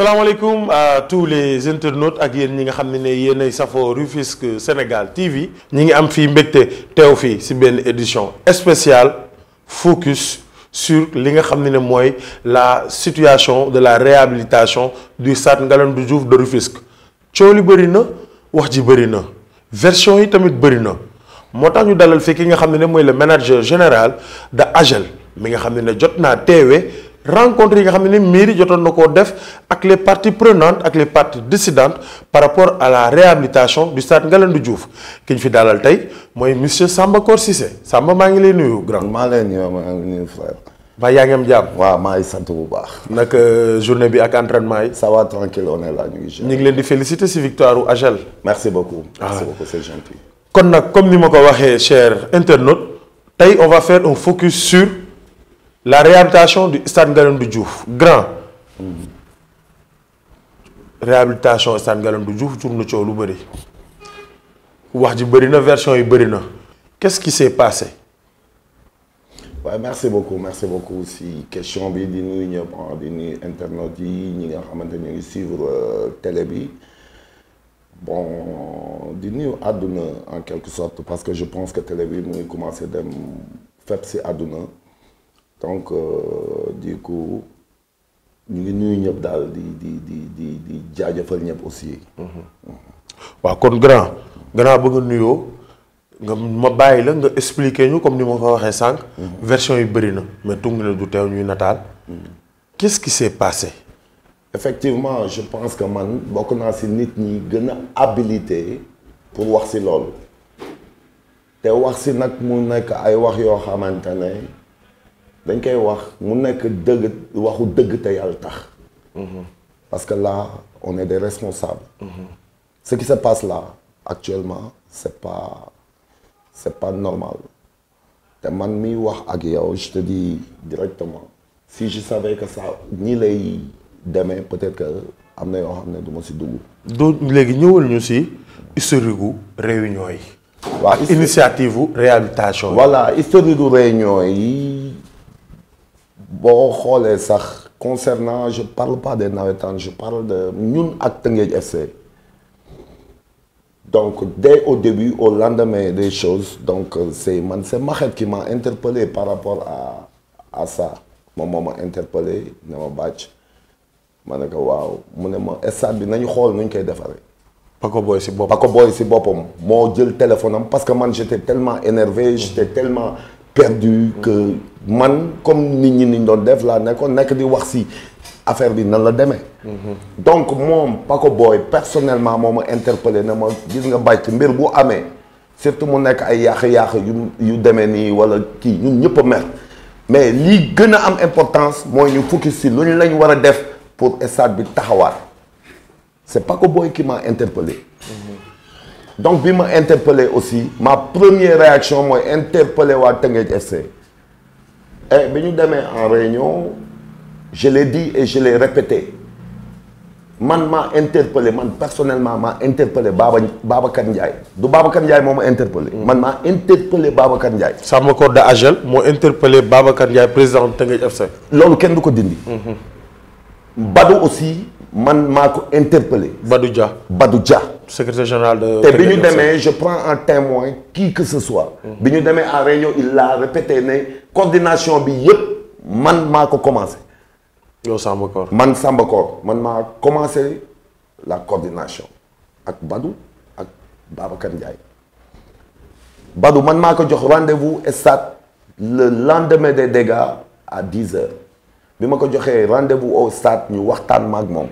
salaamaaleykum à tous les internautes ak yéen ñi nga xam ne ni yéen ay safoo Rufisque Sénégal TV ñi ngi am fii mbégte teew fii si benn édition spéciale focus sur li nga xam ne ne mooy la situation de la réhabilitation du stade Ngalandou Diouf de Rufisque coow li bëri na wax ji bëri na version yi tamit bëri na moo tax ñu dalal fii ki nga xam ne ne mooy le manager général de AGEL mi nga xam ne ne jot naa teewee rencontre yi nga xam ne mairie jotoon na koo def ak les parties prenantes ak les parties décidantes par rapport à la réhabilitation du stade Ngalandou Diouf ki ñu fi dalal tey mooy monsieur Samba Kor Cissé Samba maa ngi lay nuyu grand. maa lay nuyu maa ba yaa ngi am jàmm. waaw maa sant bu baax. nag euh, journée bi ak entraînement yi. ça va tranquille on est là ñu ngi. leen di féliciter si victoire u AJEL. merci beaucoup. Ah. merci beaucoup c'est gentil. kon na comme ni ma ko waxee cher internaute tey on va un focus sur. la réhabilitation du stade Ngalandou Diouf grand réhabilitation stade Ngalandou Diouf jur coow lu bëri wax ji bëri na version yi bëri na qu'est-ce qui s'est merci beaucoup merci beaucoup si question bi di nuyu ñëpp ah, di nuyu internautes yi ñi nga xamante ngi suivre euh, télé bi bon di nuyu àdduna en quelque sorte parce que je pense que télé bi mu ngi commencé dem fépp si àdduna. donc euh, du coup ñu ngi nuyu ñëpp daal di di di di di jaajëfal ñëpp aussi. waaw kon grand. grand bëgg a nuyoo nga ma bàyyi la nga expliquer ñu comme ni ma ko waxee sànq. Mhm. version yi bëri na mais tungu na du teew ñuy nataal. Mhm. quest qui s'est passé. effectivement je pense que man bokk naa ci nit ñi gën a habilité pour wax si loolu te wax si nag mu nekk ay wax yoo xamante ne. dañ koy wax mu nekk dëgg waxu dëgg te yal tax. Mhm. parce que là on est des responsables. Mhm. ce qui se passe là actuellement c'est pas c'est pas normal te man miy wax ak yow je te dis directement si je savais que ça nii lay demee peut-être que am na yoo xam ne du ma si dugg. doo léegi ñëwal ñu si historique gu réunion yi. waaw initiative gu réunion yi. boo xoolee sax concernant je parle pas des nawetaan je parle de ñun ak Tëngéej FC donc de au début au lendemain des choses donc euh, c'est man c'est Maxet qui m'a interpellé par rapport à à ça moom moo ma interpellé na ma bàcc ma ne ko waaw mu ne ma stade bi nañu xool nu ñu koy defaree. Paco boo si boppam Paco Boy si boppam moo jël téléphone am parce que man j'étais tellement énervé j'étais tellement. perdu que man comme nit ñi niñ doon def laa nekkoon nekk di wax si affaire bi nan la demee mhm. donc moom Paco Boy personnellement moo ma interpellé na ma gis nga bàcc mbir bu amee surtout mu nekk ay yàq-yàq yu yu demee nii wala kii ñun ñëpp a mer mais lii gën a am importance mooy ñu focus si lu ñu lañ war a def pour stade bi taxawaat c'est Paco Boy qui m'a interpellé donc bi ma interpellé aussi ma première réaction mooy interpellé waa Teungueth FC et eh, bi ñu demee en réunion je l'ai dit et je l'ai répété man maa interpellé man personnellement maa interpellé Baba Babacar Ndiaye du Babacar Ndiaye moo ma interpellé. Mm. man maa interpellé Babacar Ndiaye. Samba Korda Agel moo interpellé Babacar Ndiaye président Teungueth FC. loolu kenn du ko dindi. Mm-hmm. Badou aussi. man maa ko interpellé. Badou Dia Badou Dia. secrétaire général de. te bi ñu demee je prends en témoin qui que ce soit. bi ñu demee en réunion il l'a répété ne coordination bi yëpp man maa ko commencé. yow Samba Kor man Samba Kor man maa commencé la coordination ak Badou ak Babacar Ndiaye Badou man maa ko jox rendez-vous stade le lendemain des dégâts à 10 heures bi ma ko joxee rendez-vous au stade ñu waxtaan ma ak moom.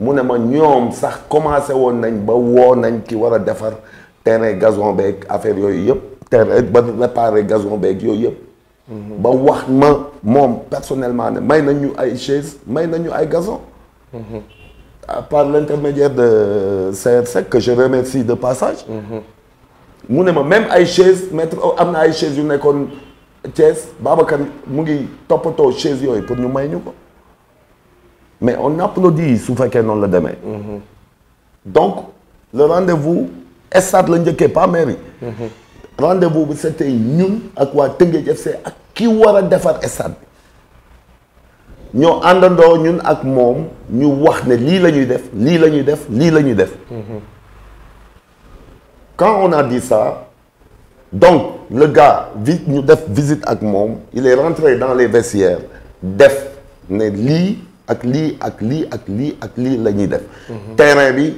mu ne ma ñoom sax commencé woon nañ ba woo nañ ki war a defar terrain gazon beeg affaire yooyu yëpp terrain ba réparer gazon beeg yooyu yëpp mhm. ba wax ma moom personnellement ne may nañu ay chaise may nañu ay gazon mhm. par l'intermédiaire de CRSEC que je remercie de passage mhm. mu ne ma même ay chaise maître oh, am na ay chaise yu nekkoon Thiès Babacar mu ngi toppatoo chaise yooyu pour ñu may ñu ko mais on applaudit su fekkee noonu la demee. donc le rendez-vous stade la njëkkee pas mairie. Mhm. rendez-vous bi c'était ñun ak waa Tëngéej se ak ki war a defar stade ñoo àndandoo ñun ak moom ñu wax ne lii la ñuy def lii la ñuy def lii la ñuy def. ka mhm. on a dit ça donc le gars ñu def visite ak moom il est rentré dans les vestiaires def ne lii. ak lii ak lii ak lii ak lii la def. terrain bi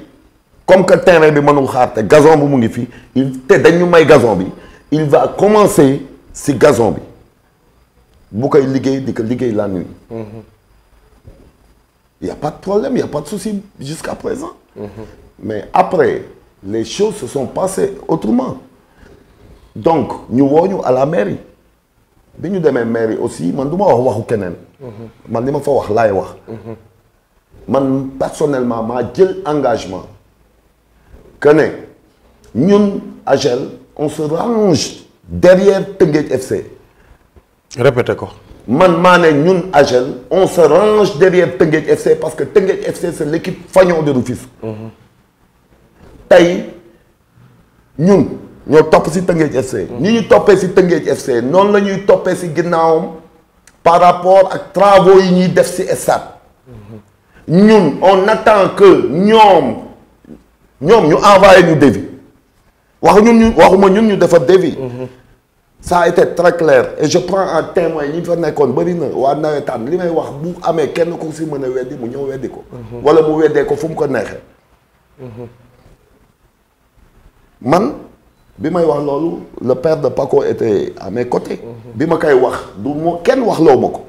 comme que terrain bi man xaar te gazon bi mu ngi fi il te dañu may gazon bi il va commencer si gazon bi bu koy liggéey di ko liggéey la nuit. Mm-hmm. y' a pas de problème y' a pas de souci jusqu'à présent. Mm-hmm. mais après les choses se sont passées autrement donc ñu woo ñu à la mairie. bi ñu demee mairie aussi man du ma wax waxu keneen. man li ma fa wax laay wax. man personnellement maa jël engagement. que ne ñun AJEL on se range derrière Tëngéej FC. répété ko. man maa ne ñun AJEL on se range derrière Tëngéej FC parce que Tëngéej FC c'est l'équipe fanion de Rufisque. Mhm. tey ñun. ñoo topp si Tëngéej FC. ñi ñu toppee si Tëngéej FC noonu la ñuy toppee si ginnaawam par rapport ak travaux yi ñuy def si stade. ñun on attend que ñoom ñoom ñu envoyé ñu devis waxu ñun ñu waxuma ñun ñu defar devis. ça a été très clair et je prends en témoin ñi fa nekkoon bëri na waa nawetaan li may wax bu amee kenn ku si mën a weddi mu ñëw weddi ko. wala mu weddee ko fu mu ko neexee. man. bi may wax loolu le père de Paco était à mes côtés. bi ma koy wax du moo kenn wax loo ma ko.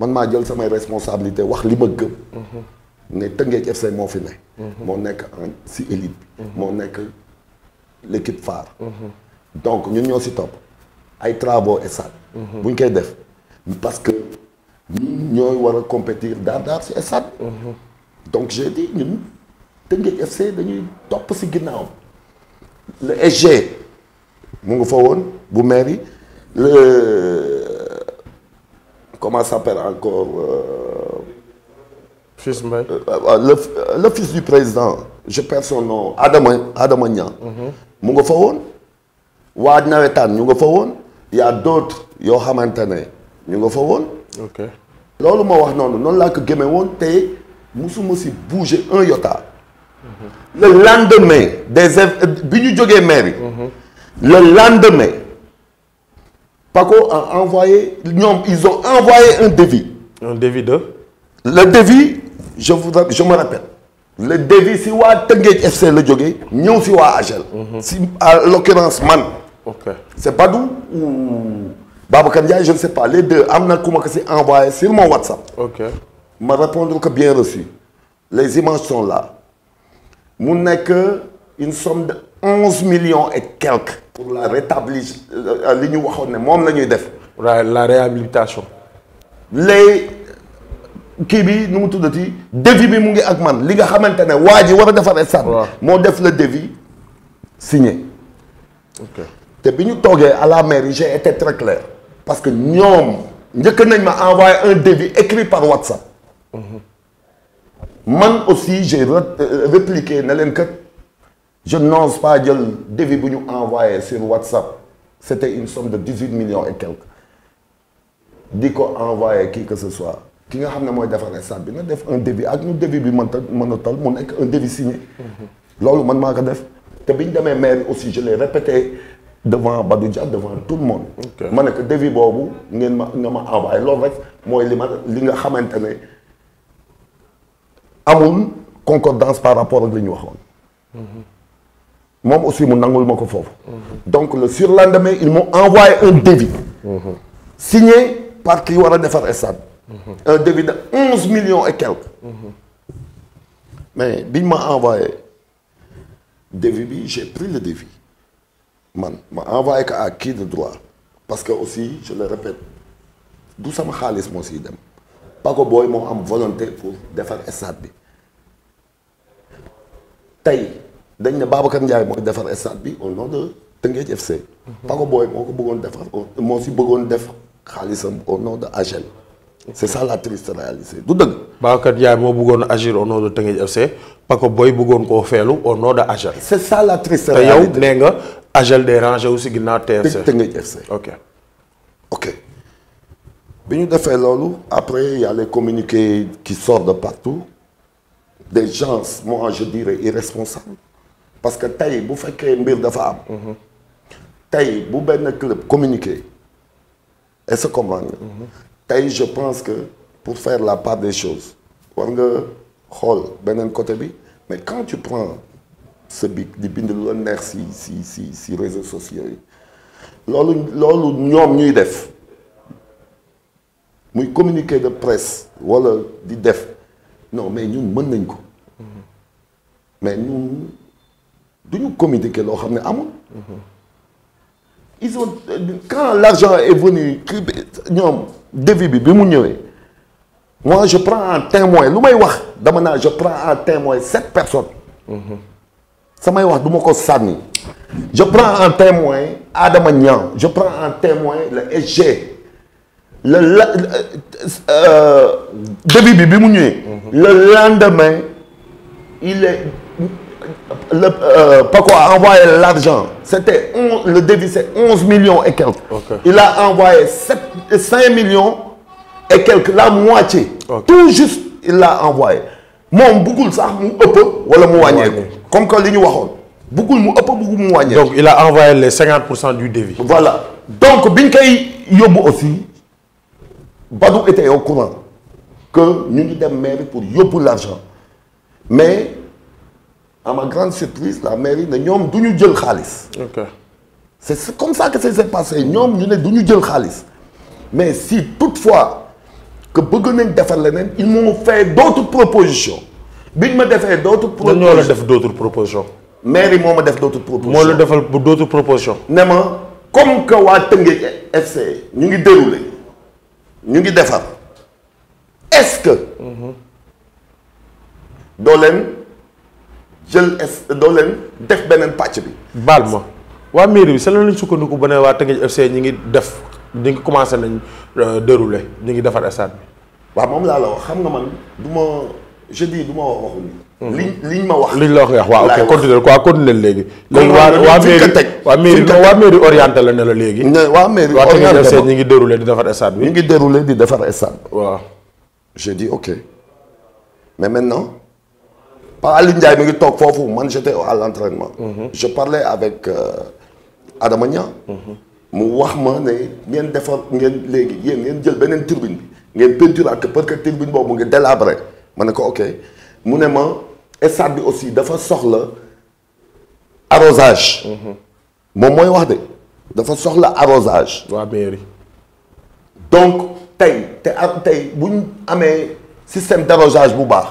man maa jël samay responsabilité wax li ma gëm. ne Tëngéej FC moo fi ne. moo nekk en si élite bi. moo nekk l' équipe donc ñun ñoo si topp ay travaux stade. bu ñu koy def parce que ñun ñooy war a compétir daar daar si stade. donc j'ai dit ñun Tëngéej FC dañuy topp si ginnaawam. le SG mu nga fa woon bu maire yi le euh, comment s'appelle encore. Euh, fils Mbaye euh, le le fils du président je perds son nom Adama Adama Niang. Mhm. mu nga fa woon. waa nawetaan ñu nga fa woon. y a d'autres yoo xamante ne ñu nga fa woon. ok loolu ma wax noonu noonu laa ko gëmee woon te musuma si bouger un iota. le lendemain des euh, bi ñu jógee mairie. Mhm. le lendemain Paco a envoyé ñoom ils ont envoyé un devis. un devis de. le devis je vous je me rappelle. le devis si waa Tëngéej FC la jógee ñëw si waa AGEL. Mhm. si à l'occurrence man. ok c'est Badou ou Babacar Ndiaye je ne sais pas les deux am na ku ma ko si envoyé sur WhatsApp. ok ma répondre que bien reçu les images sont la mu nekk une somme de onze million et quelques pour la rétablir euh, li ñu waxoon ne moom la ñuy def. la réhabilitation. le kii bi nu mu ti devis bi mu ngi ak man li nga xamante ne waa ji war a defar stade. moo def le devis signé. ok te bi ñu toogee à la mairie j'ai été très clair. parce que ñoom njëkk nañ ma envoyé un devis écrit par WhatsApp. Mhm. man aussi j'ai euh, répliqué na leen kat je n'ose pas jël devis bu ñu envoyé sur WhatsApp c'était une somme de dix-huit millions et quelques di ko envoyé qui que ce soit ki nga xam ne mooy defar stade bi na def un ak ñu devis bi mënta mën a tal mu nekk un devis signé mhm. loolu man maa ko def te bi ñu demee maire aussi je l'ai répété devant Badou Dia devant tout le monde. ma ne ko devis boobu ngeen ma nga ma envoyé loolu rek mooy li ma li nga xamante ne. amul concordance par rapport ak li ñu waxoon moom aussi mu nangul ma ko foofu donc le surlendemain ils m'ont envoyé un devis signé par kii war a defar stade un devis de onze millions mais biñ ma envoye devis bi j'ai pris le devis ma envoyé ko à qui de droit parce que aussi je le répète du sama xaalis moo dem Paco Boy moo am volonté pour defar stade bi tey dañ ne Babacar njaay moo defar stade bi au nom de Tëngéej FC. Paco Boy moo ko bëggoon defar moo si bëggoon def xaalisam au nom de AGEL. c'est ça la triste réalité du dëgg. Babacar Ndiaye moo bëggoon a agir au nom de Tëngéej FC Paco Boy bëggoon koo feelu au nom de AGEL. c'est ça la triste réalité te yow nee nga AGEL dérangé wu si ginnaaw TFC. Tëngéej FC ok. bi ñu defee loolu après il y a les communiqués qui sortent de partout des gens moi je dirais irresponsables parce que tey bu fekkee mbir dafa am. tey bu benn club communiqué est-ce que comprendre je pense que pour faire la part des choses war nga xool beneen côté bi mais quand tu prends sa di bind si si si si réseaux sociaux yi loolu loolu ñoom ñuy def. muy communiqué de presse wala di def non mais ñun mën nañ ko mais ñun du ñu communiqué loo xam ne amul. ils ont quand l'argent est venu ñoom devis bi bi mu ñëwee moi je pran en témoin lu may wax dama naa je prends en témoin sept personnes. samay wax du ma ko sànni. je prends en témoin Adama Niang je prends en témoin le SG. le euh, début bi bi mu ñëwee. Mhm. le lendemain il est le euh, Paco a envoyé l'argent c'était on le début c'est million e et quelques. Okay. il a envoyé sept cinq millions et quelques la moitié. Okay. tout juste il l'a envoyé moom bëggul sax mu ëpp. wala mu wàññeeku comme que li ñu waxoon. bëggul mu ëpp bëggul mu wàññeeku. donc il a envoyé les cinquante pour cent du débit. voilà donc biñ koy aussi. Badou était au courant que ñu ngi dem mairie pour yóbbu l'argent mais à ma grande surprise la mairie ne ñoom du ñu jël xaalis. ok c'est comme ça que ça s'est passé ñoom ñu ne du ñu jël xaalis mais si toutefois que bëgg nañ defar leneen ils m'ont fait d'autres propositions biñ ma defee d'autres. propositions dañoo la def d'autres propositions. mairie moo ma def d'autres propositions moo la defal d'autres propositions. ne ma comme que waa Tëngéej FC e ñu ngi dérouler ñu ngi defar est-ce que doo leen jël est doo leen def beneen pàcc bi baal ma waa mairie bi sa la sukkandiku ba ne waa Teungueth FC ñi ngi def ñi ngi commencé nañ euh, dérouler ñu ngi defar stade bi waaw moom laa la wax xam nga man du ma je ma wax waxu liñ liñ ma wax. liñ la wax waaw ok continuer quoi continuer léegi. léegi waa waa mairie waa mairie waa mairie orienté la ne la léegi. ne waa mairie orienté ma ñi ngi déroulé di defar stade bi. ñi ngi déroulé di defar stade. waaw. j'ai dit ok mais maintenant Pa Aliou Ndiaye mi ngi toog foofu man j'étais à l'entraînement. Mhm. je parlais avec euh, Adama Niang. Mhm. mu wax ma ne ngeen defar ngeen léegi yéen ngeen jël beneen tribune bi ngeen peinture ak parce que tribune boobu mu ngi délabré ma ne ko ok. mu ne ma stade bi aussi dafa soxla arrosage. moom mooy wax de dafa soxla arrosage. waa mairie. donc tey te ak ah, tey bu ñu amee système d'arrosage bu baax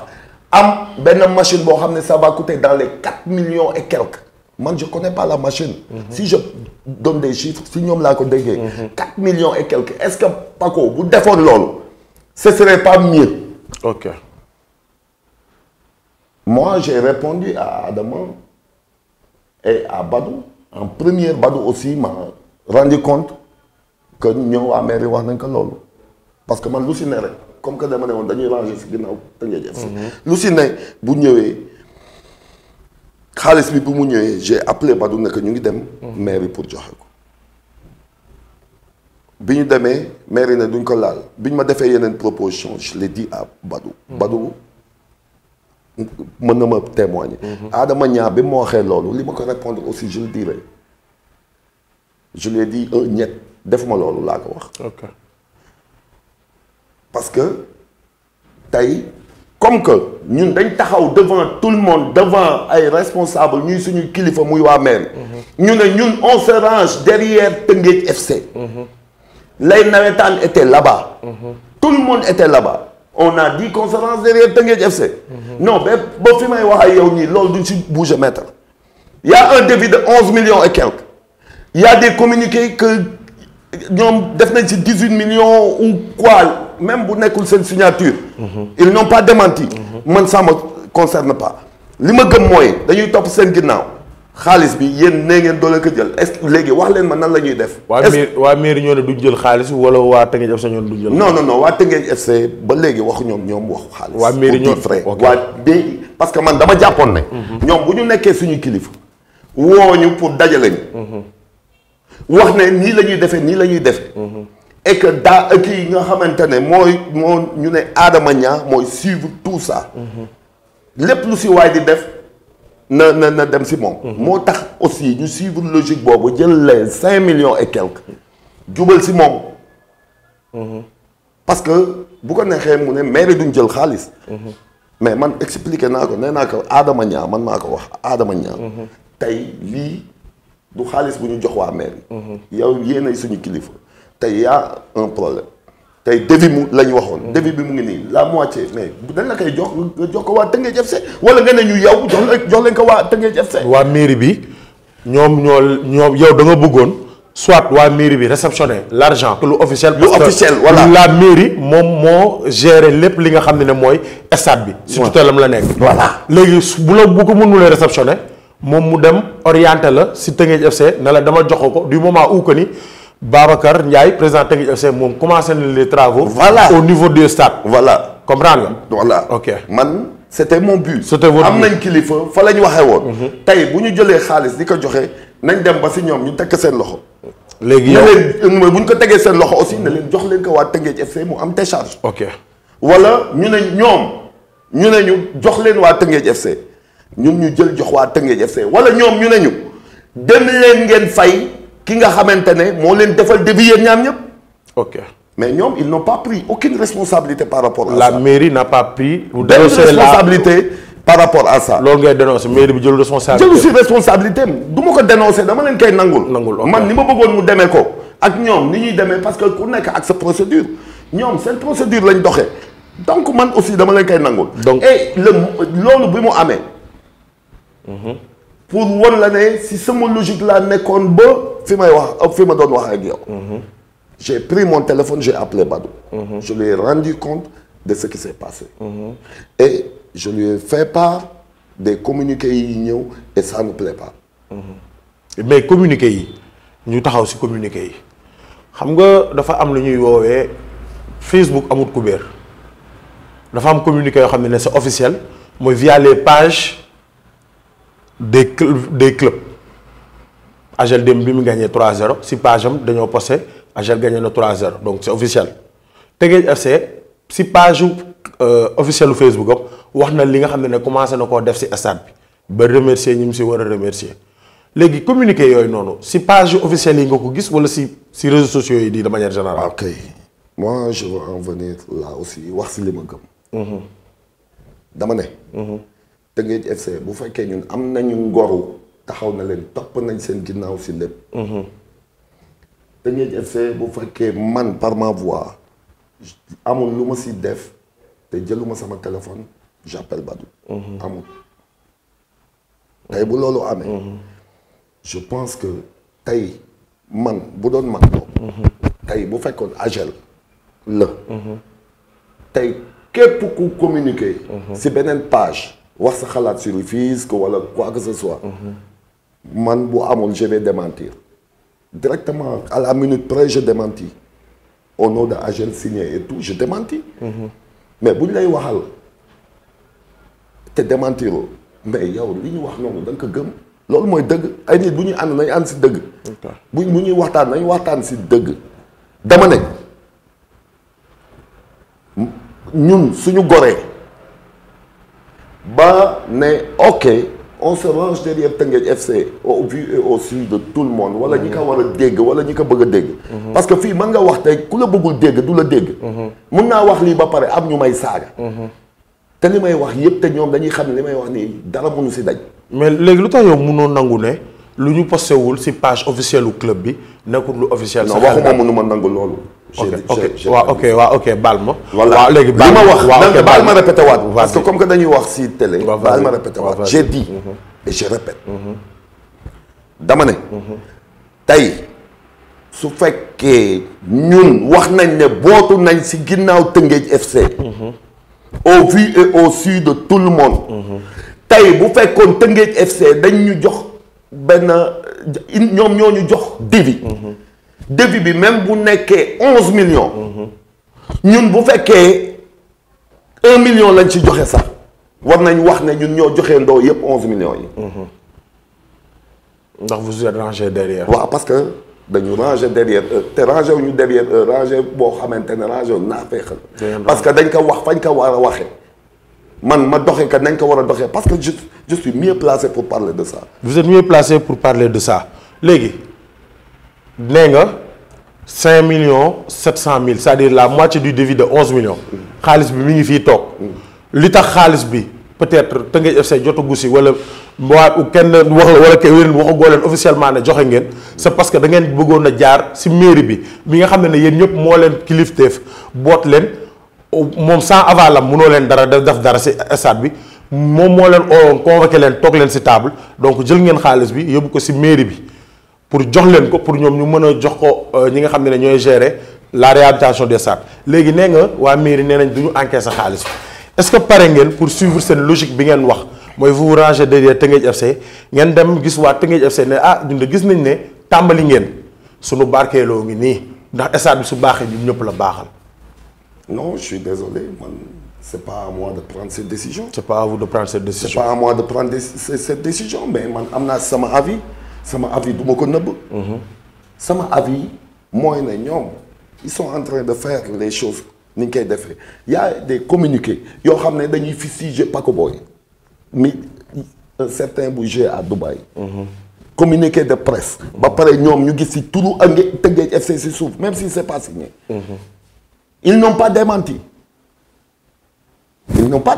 am ben machine boo xam ne ça va coûter dans les quatre millions et quelques man je connais pas la machine. si je donne des chiffres si ñoom laa ko déggee. quatre millions et quelques est pako que Paco bu defoon loolu ce serait pas mieux. Moi, j'ai répondu à Adaman et à Badou. En premier, Badou aussi m'a rendu compte que ñoo waa mairie wax nañ ko loolu parce que man lu si ne rek comme que dama ne woon dañuy ranger si ginnaaw Tëngéej FC. Mhm. lu si ne bu ñëwee xaalis bi bu mu ñëwee j'ai appelé Badou ne que ñu ngi dem. Mhm. mairie pour joxe ko. bi ñu demee mairie ne duñ ko laal bi ñu ma defee yeneen proposition je l'ai dit à Badou. Mhm. Badou mën na ma témoigner. Mhm. Adama Niang bi ma waxee loolu li ma ko répondre aussi je le dirai je lui ñett euh, defuma loolu laa ko wax. parce que tey comme que ñun dañ taxaw devant tout le monde devant ay responsables ñuy suñu kilifa muy waa maire. Mhm. ñu ne ñun on derrière Teungueth FC. Mhm. les nawetaan étaient là-bas. tout le monde était là-bas. on a dit qu'on derrière Teungueth FC. non ba ba fi may wax ak yow ñii loolu duñ si bouger ya y' a de onze millions et quelques ya y a des communiqués que ñoom def nañ si dix huit millions ou quoi même bu nekkul seen signature. Mhm. ils n'ont pas démenti. Mhm. man ça me concerne pas. li ma gëm mooy dañuy topp seen ginnaaw. xaalis bi yéen nee ngeen doole ko jël est léegi wax leen ma nan la ñuy def. waa mairie waa mairie ñoo ne duñ jël xaalis wala waa Tëngéej FC ñoo ne duñ jël. non non non waa Tëngéej FC ba léegi waxu ñoom ñoom waxu xaalis. waa mairie ñoo waa bi parce que man dama jàppoon ne. ñoom bu ñu nekkee suñu kilifa. woo ñu pour dajale ñu. wax ne nii la ñuy defee nii la ñuy defee. et que daa ak yi nga xamante ne mooy moo ñu ne Adama Niang mooy suivre tout ça. lépp lu si waay di def. na na na dem si moom. Mhm. moo tax aussi ñu suivre logique boobu jël les cinq millions et quelques jubal si moom. Mhm. parce que bu ko neexee mu ne mairie duñ jël xaalis. Mhm. mais man expliqué naa ko nee naa ko Adama Niang man maa ko wax Adama Niang. tey lii du xaalis bu ñu jox waa mairie. yow yéenay suñu kilifa tey y un problème. tey devis mu la waxoon. devis bi mu ngi nii la moitié mais dañ la koy jox nga jox ko waa Tëngéej FC wala nga ne ñu yow jox leen jox ko waa Tëngéej FC. waa mairie bi ñoom ñoo ñoom yow danga nga bëggoon soit waa mairie bi réceptionner l' argent. lu officiel lu officiel voilà la mairie moom moo gérer lépp li nga xam ne mooy stade bi. si tuteelam la nekk. voilà léegi bu la bu ko mënulee réceptionner moom mu dem orienté la si Tëngéej FC ne la dama jox ko du moment où que ni. Babacar Ndiaye président technique FC moom commencé nañ les travaux. voilà au niveau du stade. voilà comprendre nga. voilà ok man. c' était mon but. c' était am nañ kilifa fa la ñu waxee woon. Mhm. tey bu ñu jëlee xaalis di ko joxe nañ dem ba si ñoom ñu teg tekk seen loxo. léegi yow ne bu ñu ko tegee seen loxo aussi ne leen jox leen ko waa Tëngéej FC mu am décharge. ok wala ñu ne ñoom ñu ne ñu jox leen waa Tëngéej FC ñun ñu jël jox waa Tëngéej FC wala ñoom ñu ne ñu dem leen ngeen fay. ki nga xamante ne moo leen defal dévier ñaam ñëpp. ok mais ñoom ils n'ont pas pris aucune responsabilité par rapport à la ça. la mairie n'a pas pris. ou la... par rapport à ça. loolu ngay dénoncé mairie bi jël responsabilité jëlu si responsabilité du ma ko dénoncé dama leen koy nangul. nangul man ni ma bëggoon mu demee ko. ak ñoom ni ñuy demee parce que ku nekk ak sa procédure ñoom seen procédure lañ doxe donc man aussi dama leen koy nangul. donc et le loolu bi mu amee. Mhm. pour won la ne si sama logique laa nekkoon ba. fi may wax ak fi ma doon wax ak yow. j'ai mon téléphone j'ai appelé Badou. je lui ai rendu compte de ce qui s'est passé. et je lui ai fait part des communiqués yi ñëw et ça ne plaît pas. mais communiqué yi ñu taxaw si communiqué yi xam nga dafa am lu ñuy woowee Facebook amut couvert dafa am communiqué yoo xam ne c'est officiel mooy via les pages des des clubs. Agel démb bi mu gagné 3-0 si page am dañoo posté Agel gagné na 3-0 donc c' officiel Teungueth FC si page u euh, officiel wax na li nga xam ne ne commencé na koo def si stade bi ba remercier ñi mu si war a remercier léegi communiqué yooyu noonu si page officielle yi nga ko gis wala si si réseaux sociaux yi di de manière générale. Ah, ok moi je en venir là aussi wax fi li ma gëm. Mhm. dama ne. Mhm. Teungueth FC bu fekkee ñun am nañu ngoru. taxaw na leen topp nañ seen ginnaaw si lépp. Tëngéej mhm. FC bu fekkee man par ma voix amul lu ma si def te jëluma sama téléphone j'appelle Badou. Mhm. amul tey bu loolu amee. Mhm. je pense que tey man bu doon man boobu. tey bu fekkoon agel la. tey képp ku communiquer. si beneen page wax sa xalaat sur Rufisque wala quoi que ce soit. man bu amul je vais démentir directement à la minute près je démentis au nom de Agel signé et tout je démentis. Mmh. mais buñ lay waxal te démentiroo mais yow li ñu wax noonu da ko gëm. loolu mooy dëgg ay nit bu ñu ànd nañ ànd si dëgg. bu bu ñuy waxtaan nañ waxtaan si dëgg. dama ne ñun suñu goree ba ne ok. on se range derrière Teungueth FC au vu et au su de tout le monde wala ñi ko war a dégg wala ñi ko bëgg a dégg mhm. parce que fii mën nga wax tey ku la bëggul dégg du la dégg mun mhm. naa wax lii ba pare am ñu may saaga mhm. te li may wax yëpp te ñoom dañuy xam ne li may wax nii dara mënu si daj mais léegi lu tax yow mënoo nangu ne lu ñu posté si page officielle club bi nekkul lu officiel loolu waaw ok waaw ok baal ma. voilà léegi baal ma wax waaw baal ma répété waat. parce que comme que dañuy wax si télé. baal ma répété waat j'ai mhm. je répète. Mhm. dama ne. Mhm. tey su fekkee ñun wax nañ ne bootu nañ si ginnaaw Tëngéej FC. au vu au su de tout le monde. tey bu fekkoon Tëngéej FC dañ ñu jox benn ñoom ñoo ñu jox divi. devis bi même bu nekkee onze millions. ñun bu fekkee un million lañ ci joxe sax war nañ wax ne ñun ñoo joxe ndoo yëpp onze millions yi. ndax vous êtes rangé derrière. waaw que dañu rangé derrière te rangé ñu derrière rangé boo xamante ne rangé wu naa feexal parce que dañ ko wax fañ ko war a waxee. man ma doxee que nañ ko war a doxee parce que je je suis mieux placé pour parler de ça. vous êtes mieux placé pour parler de ça léegi. nee nga cinq millions sept cent mille cest dire la moitié du devis de onze millions xaalis bi mi ngi fii toog li tax xaalis bi peut-être Teungueth FC jotagu si wala waa kenn wax la wala kenn waxagoo leen ne joxe ngeen c'est parce que da ngeen bëggoon a jaar si mairie bi mi nga xam ne ne yéen ñëpp moo leen kilifteef boot leen moom avant avalam munoo leen dara def dara si stade bi moom moo leen oon convoqué leen toog leen si table donc jël ngeen xaalis bi yóbbu ko si mairie bi pour jox leen ko pour ñoom ñu mën a jox ko euh, ñi nga xam ne ñooy gérer la réhabilitation des stades léegi nee nga waa mairie nee nañ du ñu encaisser xaalis est-ce que pare ngeen pour suivre seen logique bi ngeen wax mooy vous vous rangez derrière Tëngéej FC ngeen dem gis waa Tëngéej FC ne ah ñun de gis nañ ne tàmbali ngeen suñu barkeeloo ngi nii ndax stade bi su baaxee ñun ñëpp la baaxal. non je suis désolé man c'est pas à moi de prendre cette décision. c'est pas à vous de prendre cette décision. c'est pas à moi de prendre cette décision mais man am naa sama avis. sama avis du ma ko nëbb mhm. sama avis mooy ne ñoom ils sont en train de faire les choses ni ñu koy defee y a des communiqués yoo xam ne dañuy fustiger Paco Boy mi un certain budget à Dubaï mmh. communiqué de presse ba pare ñoom ñu gis ci turu ak Tëngéej FC ci suuf même si c'est pas signé mmh. ils pa pas démenti ils n'ont pas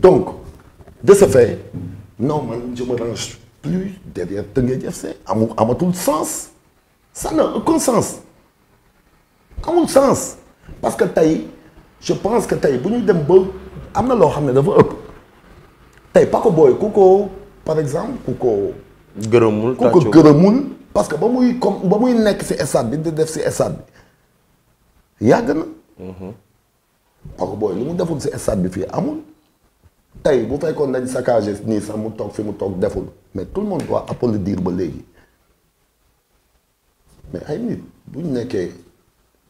donc de ce fait non man je me range plus derrière Teungueth FC amul amatul sens ça n'a aucun sens amul sens parce que tey je pense que tey bu ñu dem ba am na loo xam ne dafa ëpp tey Paco Boy ku ko par exemple ku ko. gërëmul ku ko gërëmul. parce que ba muy comme ba muy nekk ci stade bi di def ci stade bi yàgg na. Mhm. Paco Boy lu mu defoon ci stade bi fii amul. tey bu fekkoon nañ saccagé nii sax mu toog fi mu toog deful mais tout le monde doit applaudir ba léegi mais ay nit bu nekkee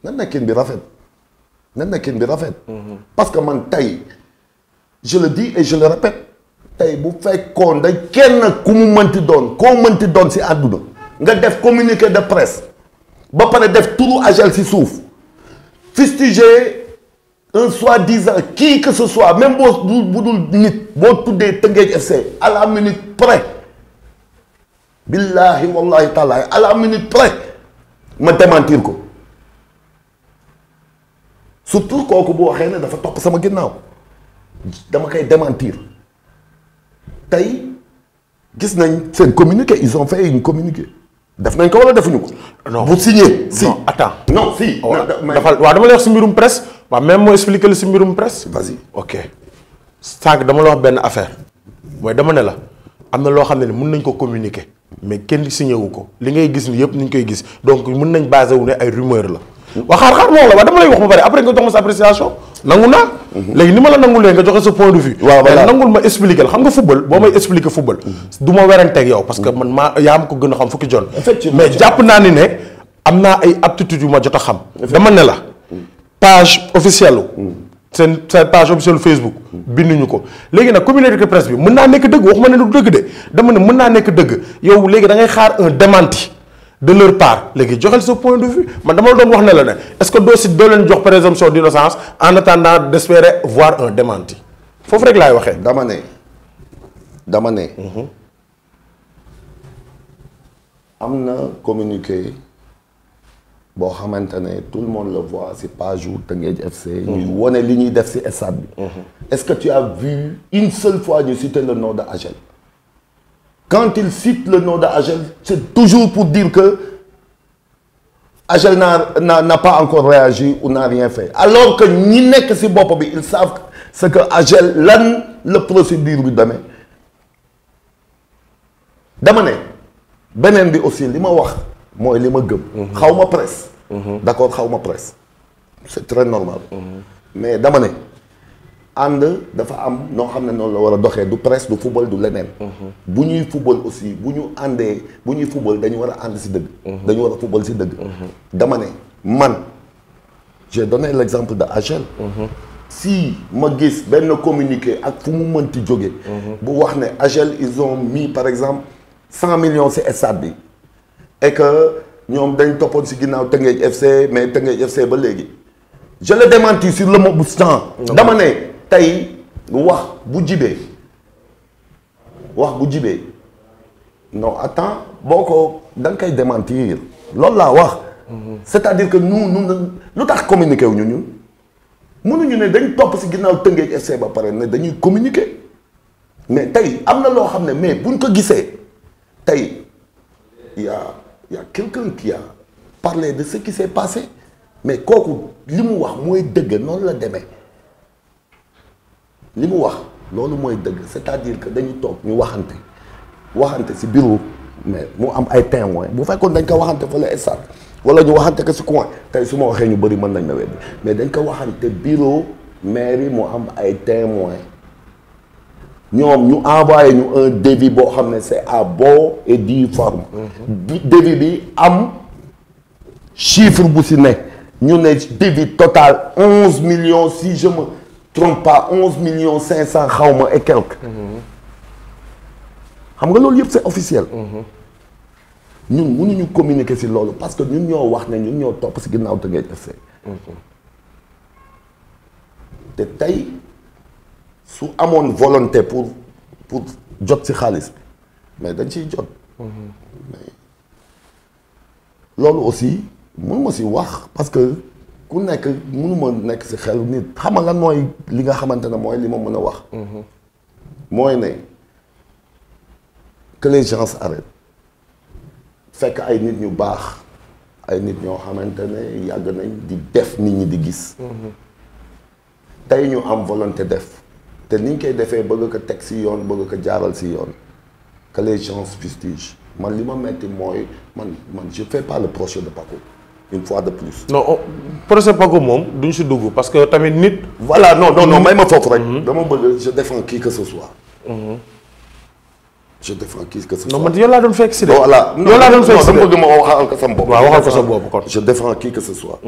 na nekkin bi rafet na nekkin bi rafet. Mhm. parce que man tey je di dis et je tey bu fekkoon dañ kenn ku mu mënti doon koo mënti doon si àdduna nga def communiqué de presse ba pare def turu Agel si suuf fustiger. un soi-disant qui que ce soit même boo du bu dul nit boo tuddee Tëngéej FC à la minute près billahi wallahi taalaay à la minute près ma démentir ko surtout kooku bu waxee ne dafa topp sama ginnaaw dama kay démentir tey gis nañ seen communiqué ils ont fait une communiqué def nañ ko wala defuñu ko. non bu signé si non attends non si. waaw oh, dafa waaw dama lay wax si mbirum presse. waaw même moo expliqué la si mbirum presse. vas-y ok sànq dama la wax benn affaire mooy dama ne la am na loo xam ne ni mun nañ ko communiquer mais kenn si wu ko li ngay gis ni yëpp ni ñu koy gis donc mun nañ basé wu ne ay rumeur la. waa xaar xaar moo la waaw dama lay wax ba pare après nga jox ma sa appréciation nangu naa. Mhm. léegi ni ma la nangulee nga joxe sa point de vue. waaw voilà nangul ma expliquer la xam nga football boo may expliquer football. du ma weranteeg yow parce que mhm. man maa yaa ma ko gën a xam fukki jon mais jàpp naa ne am naa ay aptitudes yu ma jot a xam. dama ne la. page officielle seen seen page officielle Facebook binduñu ko léegi nag communauté de presse bi mën naa nekk dëgg waxuma ne du dëgg de dama ne mën naa nekk dëgg yow léegi dangay ngay xaar un démenti de leur part léegi joxel sa point de vue man dama la doon wax ne la ne est-ce que doo si doo leen jox présomption d'innocence en attendant d'espérer voir un démenti foofu rek laay waxee. dama ne dama ne. Mhm. am na communiqué. boo xamante ne tout le monde le voit si page u Teungueth FC. ñuy wone li ñuy def si stade bi. Mhm. est-ce que tu as vu une seule fois ñu citer le nom de Agel. quand il cite le nom de Agel c'est toujours pour dire que Agel n'a n'a pas encore réagi ou n'a rien fait alors que ñi nekk si bopp bi ils savent ce que Agel lan la procédure bi demee. dama ne beneen bi aussi lima ma wax. mooy li ma gëm. Mhm. xaw ma presse. Mhm. d'accord xaw ma presse. c'est très normal. Mhm. mais dama ne ànd dafa am noo xam ne noonu la war a doxee du presse du football du leneen. bu ñuy football aussi bu ñu àndee bu ñuy football dañu war a ànd si dëgg. dañu war a football ci dëgg. dama ne man j'ai donné l'exemple de Hachel. si ma gis benn communiquer ak fu mu mënti jóge bu wax ne Hachel ils ont mis par exemple cent million ci stade bi. et que ñoom dañ toppoon si ginnaaw Tëngéej FC mais Tëngéej FC ba léegi je le démentis sur le mot stand dama ne tey wax bu jibee wax bu jibee non attends boo ko da nga koy démentir loolu laa wax mhm. c'est-à-dire que nous nous lu tax communiqué wu ñu ñun mënuñu ne dañ topp si ginnaaw Tëngéej FC ba pare ne dañuy communique mais tey am na loo xam ne mais buñ ko gisee tey yaa yaa a quelqu'un qui a parlé de ce qui s'est passé mais kooku li mu wax mooy dëgg noonu la demee li mu wax loolu mooy dëgg c'est-à-dire que dañu toog ñu waxante waxante si bureau mais mu am ay témoins bu fekkoon dañ ko waxante fa la stade wala ñu waxante ko si coin tey su ma waxee ñu bëri mën nañ ma weddi mais dañ ko waxante bureau mairie mu am ay témoins ñoom ñu envoyé ñu un devis boo xam ne c'est à bon et due forme devis bi am chiffre bu si ne ñu ne devis total onze millions si je me trompe onze millions cinq cent xawma et quelque xam nga loolu yëpp c'est officiel ñun ñu communiquer ci loolu parce que ñun ñoo wax ne ñun ñoo topp ci ginnaaw mhm. te ngay def see te su amoon volonté pour pour jot si xaalis bi mais dañ ciy jot. loolu aussi mënuma si wax parce que ku nekk mënuma nekk si xel nit xam lan mooy li nga xamante ne mooy li ma mën a wax. mooy ne que les gens fekk ay nit ñu baax ay nit ñoo xamante ne yàgg nañ di def nit ñi di gis. Mhm. tey ñu am volonté def. te niñ koy defee bëgg ko teg si yoon bëgg ko jaaral si yoon que les gens fustigent man li ma metti mooy man man je fais pas de Paco une fois de plus. non oh, projet Paco moom duñ si dugg parce que tamit nit. voilà non non mm-hmm. may ma foofu rek. Mm-hmm. dama bëgg je défends qui que ce soit. Mm-hmm. je défends qui que ce soit. non man laa doon fekk si de. voilà laa doon fekk si de dama bëgg ma waxal ko sama bopp. waaw waxal ko sa bopp kon. je défends qui que ce soit.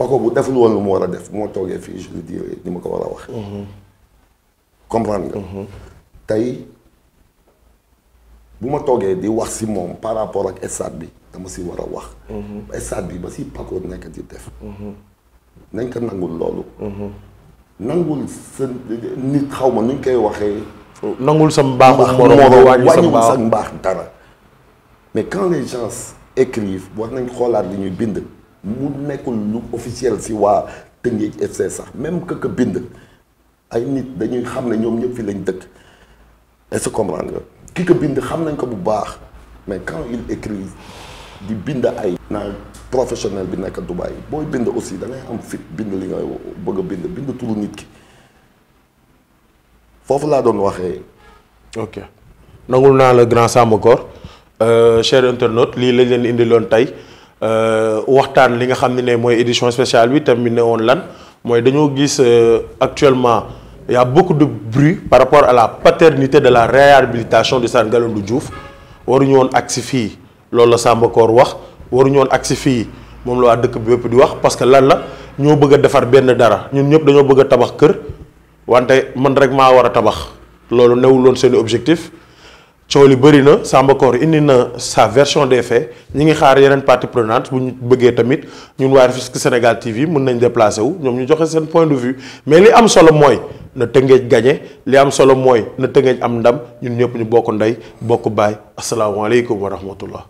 Paco bu deful woon lu ma war a def bu ma toogee fii je le ni ma ko war a wax mhm. comprendre nga mhm. tey bu ma toogee di wax si moom par rapport ak stade bi dama si war a wax mhm. stade bi ba si Paco nekk di def nañ ko nangul loolu nangul sa nit xaw ma nuñ koy waxee nangul sa mbaax moro wàññiwul sa mbaax dara mais quand les gens écrivent war nañ xoolaat li ñuy bind mu nekkul lu officiel si waa Tëngéej FC sax même que bind ay nit dañuy xam ne ñoom ñëpp fii lañ dëkk est-ce que comprendre nga ki bind xam nañ ko bu baax mais quand il écrit di bind ay naa professionnel bi nekk Dubaï booy bind aussi da ngay am fit bind li nga bëgg a bind bind turu nit ki foofu laa doon waxee ok nangul naa la grand Samb Cor euh, cher internaute lii lañ leen indiloon tey Euh, waxtaan li nga xam ne ne mooy édition spéciale bi tamit ne woon lan mooy dañoo gis euh, actuellement il y a beaucoup de bruit par rapport à la paternité de la réhabilitation du stade Ngalandou Diouf waruñu woon si fii loolu la Samba Koor wax waruñu woon agsi fii moom la waa dëkk bi yëpp di wax parce que lan la ñoo bëgg a defar benn dara ñun ñëpp dañoo bëgg a tabax kër wante man rek maa war a tabax loolu newul woon seen objectif coow li bëri na Samba indi na sa version des faits ñi ngi xaar yeneen partie prenante bu ñu bëggee tamit ñun waa Rufisque Sénégal TV mën nañ déplacé wu ñoom ñu joxe seen point de vue mais li am solo mooy na Tëngéej gagné li am solo mooy na Tëngéej am ndam ñun ñëpp ñu bokk ndey bokk baay asalaamaaleykum wa rahmatullah